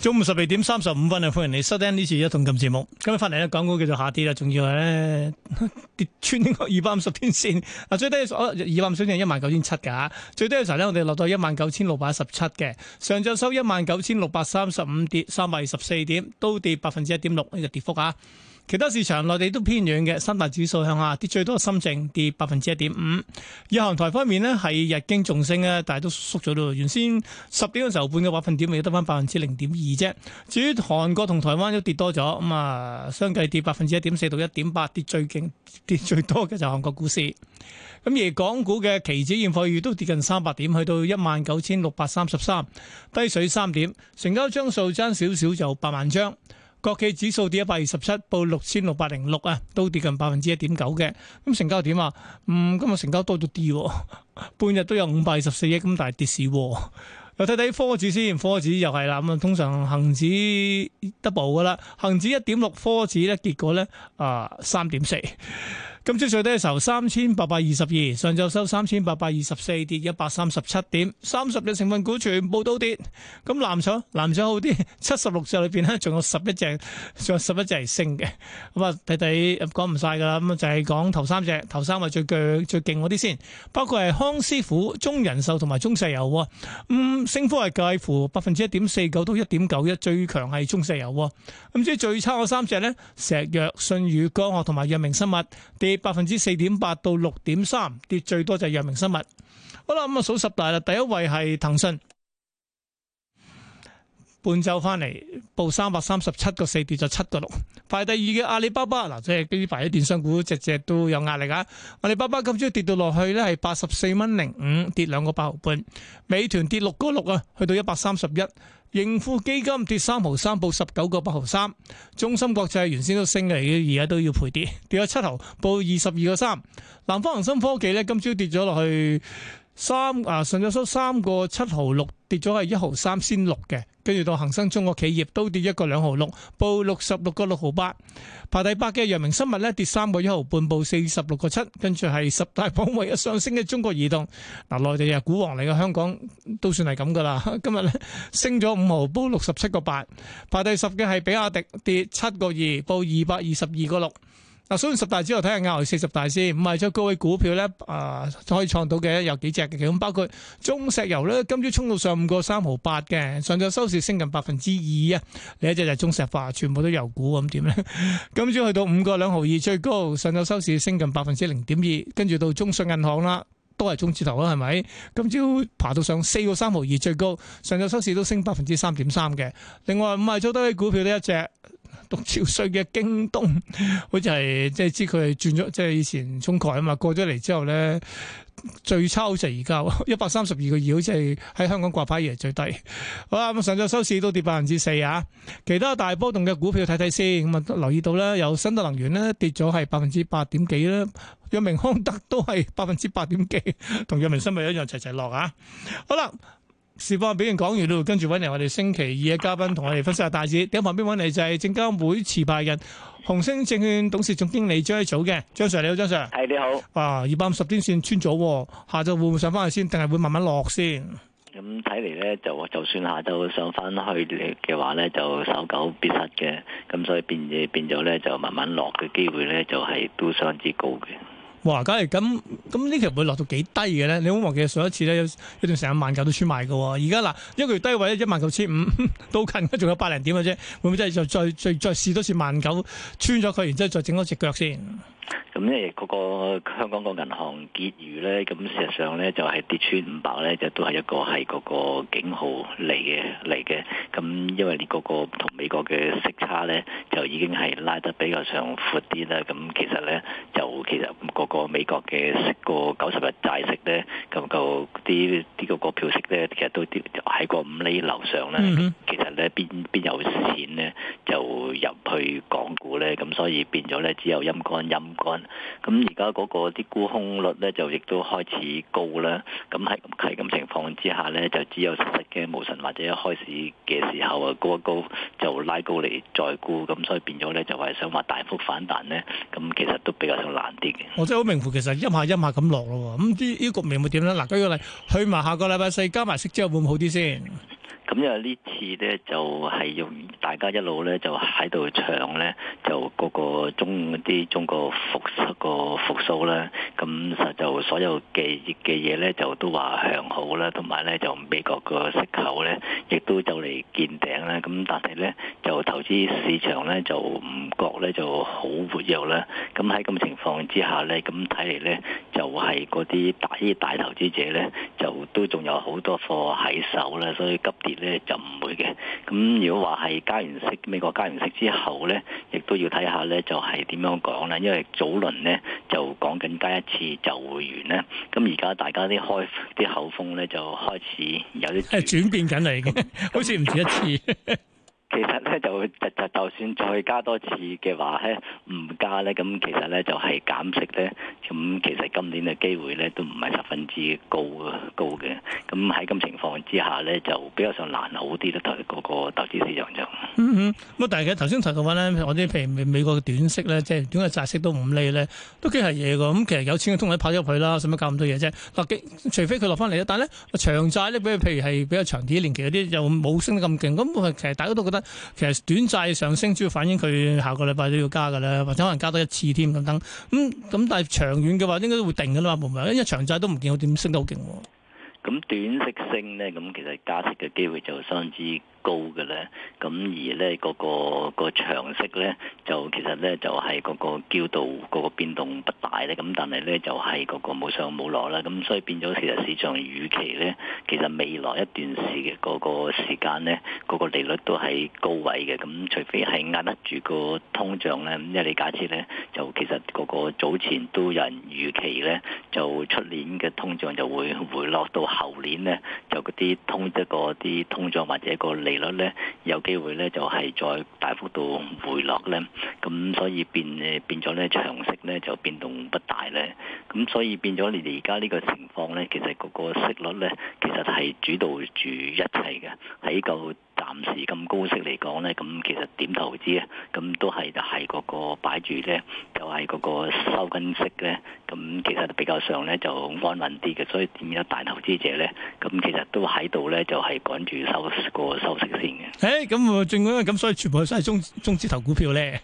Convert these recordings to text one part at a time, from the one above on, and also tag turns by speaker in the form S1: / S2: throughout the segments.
S1: 中午十二點三十五分啊，歡迎你收聽呢次一桶金節目。今日翻嚟咧，港股繼續下跌啦，仲要係咧跌穿呢個二百五十天線。啊，最低嘅二萬五十點二百五十天係一萬九千七嘅，最低嘅時候咧，我哋落到一萬九千六百一十七嘅，上晝收一萬九千六百三十五，跌三百二十四點，都跌百分之一點六呢個跌幅啊。其他市場內地都偏軟嘅，三大指數向下跌最多係深證跌百分之一點五。日韓台方面咧，係日經重升嘅，但係都縮咗到原先十點嘅時候半嘅百分點，咪得翻百分之零點二啫。至於韓國同台灣都跌多咗，咁、嗯、啊相繼跌百分之一點四到一點八，跌最勁跌最多嘅就係韓國股市。咁而港股嘅期指現貨月都跌近三百點，去到一萬九千六百三十三，低水三點，成交張數爭少少就八萬張。國企指數跌一百二十七，報六千六百零六啊，都跌近百分之一點九嘅。咁成交點啊？嗯，今日成交多咗啲，半日都有五百二十四億，咁大跌市。又睇睇科指先，科指又係啦。咁啊，通常恒指 double 噶啦，恒指一點六，科指咧結果咧啊三點四。呃今朝最低嘅時候三千八百二十二，上晝收三千八百二十四，跌一百三十七點，三十隻成分股全部都跌。咁藍籌藍籌好啲，七十六隻裏邊咧，仲有十一隻仲有十一隻係升嘅。咁啊，睇睇講唔晒噶啦，咁就係講頭三隻，頭三啊最勁最勁嗰啲先，包括係康師傅、中人壽同埋中石油。咁升幅係介乎百分之一點四九到一點九一，最強係中石油。咁即係最差嗰三隻咧，石藥、信義光能同埋藥明生物。百分之四點八到六點三，跌最多就係藥明生物好。好啦，咁啊數十大啦，第一位係騰訊。半晝翻嚟，報三百三十七個四，跌咗七個六。排第二嘅阿里巴巴嗱、啊，即係呢排啲電商股隻只都有壓力啊！阿里巴巴今朝跌到落去咧係八十四蚊零五，跌兩個八毫半。美團跌六個六啊，去到一百三十一。盈富基金跌三毫三，報十九個八毫三。中芯國際原先都升嚟嘅，而家都要賠跌，跌咗七毫，報二十二個三。南方恒生科技咧今朝跌咗落去三啊，上咗收三個七毫六，跌咗係一毫三先六嘅。跟住到恒生中國企業都跌一個兩毫六，報六十六個六毫八。排第八嘅藥明生物咧跌三個一毫半，報四十六個七。跟住係十大榜唯一上升嘅中國移動，嗱，內地呀，股王嚟嘅，香港都算係咁噶啦。今日咧升咗五毫，報六十七個八。排第十嘅係比亞迪跌七個二，報二百二十二個六。嗱，數完十大之後睇下亞牛四十大先，五十二週高位股票咧，啊、呃、可以創到嘅有幾隻嘅咁，包括中石油咧，今朝衝到上五個三毫八嘅，上晝收市升近百分之二啊，另一隻就係中石化，全部都油股咁點咧？今朝去到五個兩毫二最高，上晝收市升近百分之零點二，跟住到中信銀行啦，都係中字頭啦，係咪？今朝爬到上四個三毫二最高，上晝收市都升百分之三點三嘅，另外五十二週低位股票呢，一隻。讀潮稅嘅京東，好似係即係知佢係轉咗，即係以前中概啊嘛，過咗嚟之後咧，最差好似而家一百三十二個二，好似係喺香港掛牌以嚟最低。好啦，咁上晝收市都跌百分之四啊，其他大波動嘅股票睇睇先看看，咁啊留意到咧，有新德能源咧跌咗係百分之八點幾啦，藥明康德都係百分之八點幾，同藥明生物一樣齊齊落啊。好啦。市況表現講完啦，跟住揾嚟我哋星期二嘅嘉賓同我哋分析下大市。喺旁邊揾嚟就係證監會持牌人，紅星證券董事總經理張益祖嘅，張 sir 你好，張 sir。係你好。啊，二百五十天線穿咗，下晝會唔會上翻去先，定係會慢慢落先？
S2: 咁睇嚟咧，就就算下晝上翻去嘅話咧，就守久必失嘅，咁所以變嘢變咗咧，就慢慢落嘅機會咧，就係都相當之高嘅。
S1: 哇！梗係咁咁呢條會落到幾低嘅咧？你好忘記上一次咧有一有段成萬九都穿埋嘅、哦，而家嗱一個月低位一萬九千五到近，仲有百零點嘅啫，會唔會真係再再再再試多次萬九穿咗佢，然之後再整多隻腳
S2: 先？咁咧，嗰個香港個銀行結餘咧，咁事實上咧就係跌穿五百咧，就都係一個係嗰個警號嚟嘅，嚟嘅。咁因為你嗰個同美國嘅息差咧，就已經係拉得比較上闊啲啦。咁其實咧，就其實嗰個美國嘅、個九十日債息咧，咁、個啲啲嗰個票息咧，其實都跌喺個五厘樓上啦。Mm hmm. 其實咧，邊邊有錢咧，就入去港股咧，咁所以變咗咧，只有陰乾陰乾。咁而家嗰個啲沽空率咧就亦都開始高啦，咁係係咁情況之下咧，就只有實嘅無神或者一開始嘅時候啊高一高就拉高嚟再沽，咁所以變咗咧就係想話大幅反彈咧，咁其實都比較上難啲嘅。
S1: 我真係好明乎，其實一下一下咁落咯，咁啲呢個局面會點咧？嗱，舉個例，去埋下個禮拜四加埋息之後會唔會好啲先？
S2: 咁因為呢次咧就係用大家一路咧就喺度唱咧，就個個中啲中國復出、個復蘇啦，咁實就所有嘅嘅嘢咧就都話向好啦，同埋咧就美國個息口咧亦都就嚟見頂啦，咁但係咧就投資市場咧就唔覺咧就好活躍啦，咁喺咁情況之下咧，咁睇嚟咧就係嗰啲大啲大投資者咧就都仲有好多貨喺手啦，所以急跌。咧就唔會嘅，咁、 嗯、如果話係加完息，美國加完息之後咧，亦都要睇下咧，就係點樣講啦。因為早輪咧就講緊加一次就會完咧，咁而家大家啲開啲口風咧就開始有啲誒
S1: 轉,轉變緊嚟嘅， 嗯、
S2: 好似唔似一次。 其實咧就就就算再加多次嘅話咧，唔加咧，咁其實咧就係減息咧，咁其實今年嘅機會咧都唔係十分之高嘅高嘅。咁喺咁情況之下咧，就比較上難好啲咯。投資嗰個投資市場就嗯嗯，
S1: 乜但係其實頭先提到話咧，我哋譬如美美國嘅短息咧，即係短嘅債息都唔利咧，都幾係嘢嘅。咁其實有錢嘅通委跑咗入去啦，使乜搞咁多嘢啫？嗱，除非佢落翻嚟啦，但係咧長債咧，比如譬如係比較長啲年期嗰啲，又冇升得咁勁。咁其實大家都覺得。其實短債上升主要反映佢下個禮拜都要加噶啦，或者可能加多一次添等等。咁咁但係長遠嘅話應該都會定噶啦嘛，唔係，因為長債都唔見我點升得好勁。
S2: 咁短息升咧，咁其實加息嘅機會就相當之。高嘅咧，咁、嗯、而咧嗰個個長息咧，就其實咧就係、是、嗰個焦度嗰個變動不大咧，咁但係咧就係、是、嗰個冇上冇落啦，咁、嗯、所以變咗其實市場預期咧，其實未來一段時嘅嗰個時間咧，嗰個利率都係高位嘅，咁、嗯、除非係壓得住個通脹咧，因為你假設咧，就其實嗰個早前都有人預期咧，就出年嘅通脹就會回落到後年咧，就嗰啲通即嗰啲通脹或者個利率咧有機會咧就係再大幅度回落咧，咁所以變誒變咗咧，長息咧就變動不大咧，咁所以變咗你哋而家呢個情況咧，其實嗰個息率咧其實係主導住一切嘅，喺夠。 暫時咁高息嚟講咧，咁其實點投資啊？咁都係就係嗰個擺住咧，就係、是、嗰個收緊息咧。咁其實比較上咧就安穩啲嘅，所以點解大投資者咧，咁其實都喺度咧就係趕住收、嗰個收息先嘅。誒、欸，咁
S1: 正啊！咁所以全部都係中中資投股票咧。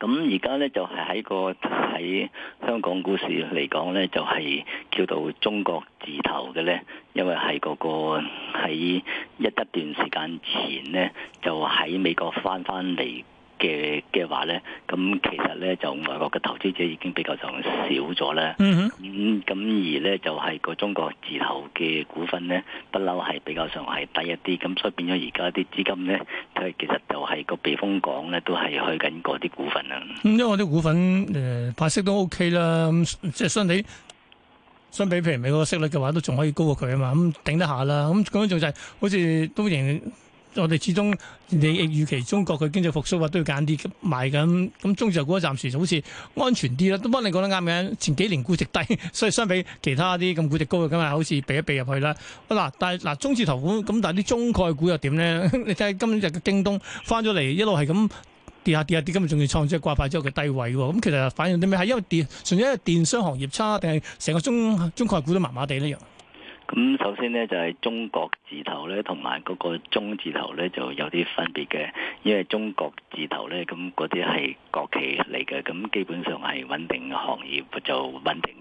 S2: 咁而家咧就係喺個喺香港股市嚟講咧，就係叫做中國字頭嘅咧，因為係嗰個喺一一段時間前咧，就喺美國返返嚟。嘅嘅話咧，咁其實咧就外國嘅投資者已經比較上少咗啦。嗯哼，咁而咧就係個中國字頭嘅股份咧，不嬲係比較上係低一啲，咁所以變咗而家啲資金咧，佢其實就係個避風港咧，都係去緊嗰啲股份啦。
S1: 咁因為啲股份誒派、呃、息都 OK 啦，咁即係相比相比譬如美國息率嘅話，都仲可以高過佢啊嘛，咁頂得下啦。咁咁樣做就係、是、好似都贏。我哋始終你預期中國嘅經濟復甦話都要揀啲買緊，咁中字頭股暫時就好似安全啲啦。都幫你講得啱嘅，前幾年估值低，所以相比其他啲咁估值高嘅，咁啊好似避一避入去啦。嗱，但係嗱中字頭股咁，但係啲中概股又點咧？ 你睇下今日嘅京東翻咗嚟，一路係咁跌下跌下跌，今日仲要創出掛牌之後嘅低位喎。咁其實反映啲咩？係因為電，純粹係電商行業差，定係成個中中概股都麻麻地呢樣？
S2: 咁首先呢，就係中國字頭呢，同埋嗰個中字頭呢，就有啲分別嘅，因為中國字頭呢，咁嗰啲係國企嚟嘅，咁基本上係穩定行業，就穩定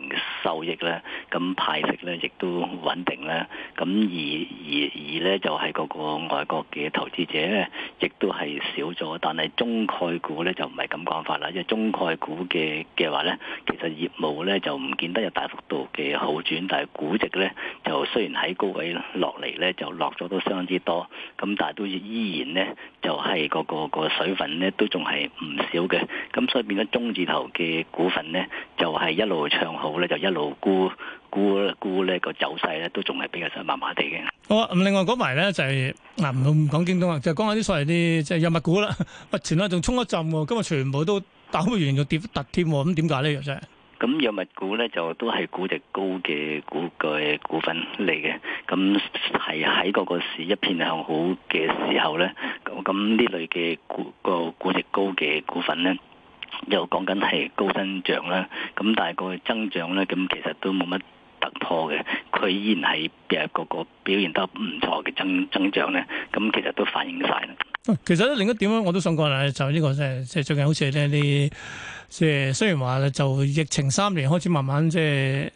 S2: 收益啦。咁派息呢，亦都穩定啦。咁而而而呢，就係嗰個外國嘅投資者呢，亦都係少咗。但係中概股呢，就唔係咁講法啦，因為中概股嘅嘅話呢，其實業務呢，就唔見得有大幅度嘅好轉，但係估值呢，就雖然喺高位落嚟咧，就落咗都相當之多，咁但係都依然咧，就係個，個個水分咧都仲係唔少嘅，咁所以變咗中字頭嘅股份咧，就係一路唱好咧，就一路沽沽沽咧個走勢咧都仲係比較麻麻地嘅。
S1: 好，好、就係、啊，咁另外講埋咧就係嗱，唔好唔講京東啊，就講下啲所謂啲即係藥物股啦、啊。前兩日仲衝一陣喎，今日全部都打完完又跌突添，咁點解咧？藥石？
S2: 咁藥物股咧就都係估值高嘅股嘅股份嚟嘅，咁係喺嗰個市一片向好嘅時候咧，咁呢類嘅股個估值高嘅股份咧，又講緊係高增長啦。咁但係個增長咧，咁其實都冇乜突破嘅，佢依然係誒個個表現得唔錯嘅增增長咧。咁其實都反映晒啦。
S1: 其實咧另一點咧，我都想講咧，就呢個即係即係最近好似咧，啲即係雖然話咧就疫情三年開始慢慢即係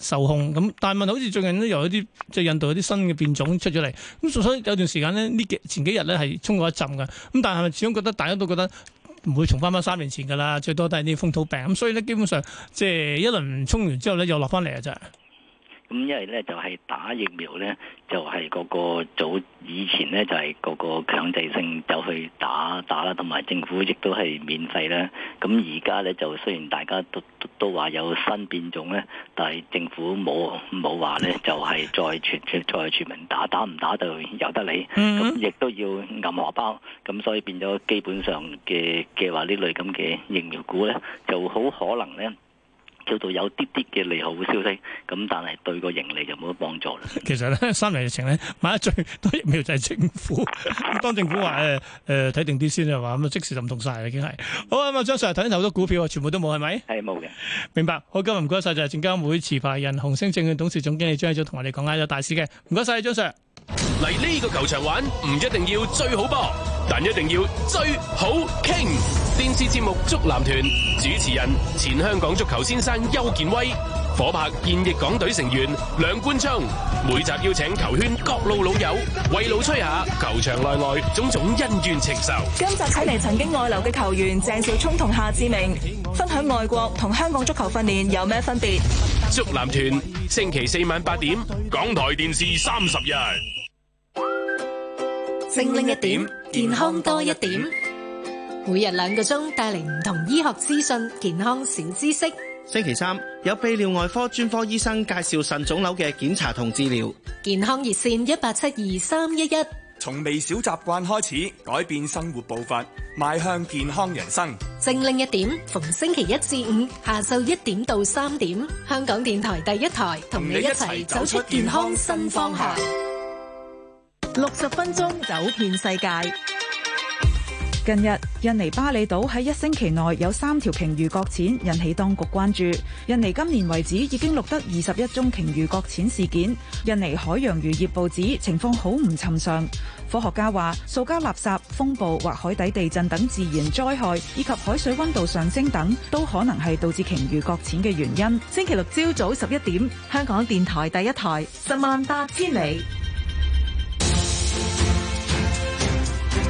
S1: 受控咁，但係問題好似最近都由一啲即係印度有啲新嘅變種出咗嚟，咁所以有段時間咧呢幾前幾日咧係衝過一陣嘅，咁但係始終覺得大家都覺得唔會重翻翻三年前㗎啦，最多都係啲風土病咁，所以咧基本上即係一輪衝完之後咧又落翻嚟啊真
S2: 咁因為咧就係打疫苗咧，就係個個早以前咧就係個個強制性就去打打啦，同埋政府亦都係免費啦。咁而家咧就雖然大家都都都話有新變種咧，但係政府冇冇話咧就係再全再全民打打，唔打就由得你。咁亦都要揞荷包，咁所以變咗基本上嘅嘅話呢類咁嘅疫苗股咧就好可能咧。叫做有啲啲嘅利好嘅消息，咁但係對個盈利就冇乜幫助啦。
S1: 其實咧，三零疫情咧買得最多疫苗就係政府，當政府話誒誒睇定啲先啊，話咁啊即時就唔動晒啦，已經係好啊。咁啊，張 Sir 啊，頭先投好多股票啊，全部都冇係咪？係冇嘅，明白。好，今日唔該晒，就係證監會持牌人、紅星證券董事總經理張益祖同我哋講下有大事嘅。唔該晒，張 Sir 嚟呢個球場玩唔一定要最好波。但一定要最好傾。King. 電視節目《足籃團》主持人前香港足球先生邱建威，夥拍現役港隊成員梁冠聰。每集邀請球圈各路老友為老吹下球場內外種種恩怨情仇。
S2: 今集睇嚟曾經外流嘅球員鄭少聰同夏志明，分享外國同香港足球訓練有咩分別？
S1: 足籃團星期四晚八點，港台電視三十日。
S2: 正一點。健康多一點，每日兩個鐘，帶嚟唔同醫學資訊、健
S1: 康小知識。星期三有泌尿外科專科醫生介紹腎腫瘤嘅檢查同治療。健康熱線一八七二三一一。從微小習慣開始改變生活步伐，邁向健康人生。
S2: 正令一點，逢星期一至五下晝一點到三點，香港電台第一台同你一齊，走出健康新方向。六十分鐘走遍世界。近日，印尼巴厘島喺一星期內有三條鯨魚擱淺，引起當局關注。印尼今年為止已經錄得二十一宗鯨魚擱淺事件。印尼海洋漁業報紙情況好唔尋常。科學家話，塑膠垃圾、風暴或海底地震等自然災害，以及海水温度上升等，都可能係導致鯨魚擱淺嘅原因。星期六朝早十一點，香港電台第一台，十萬八千里。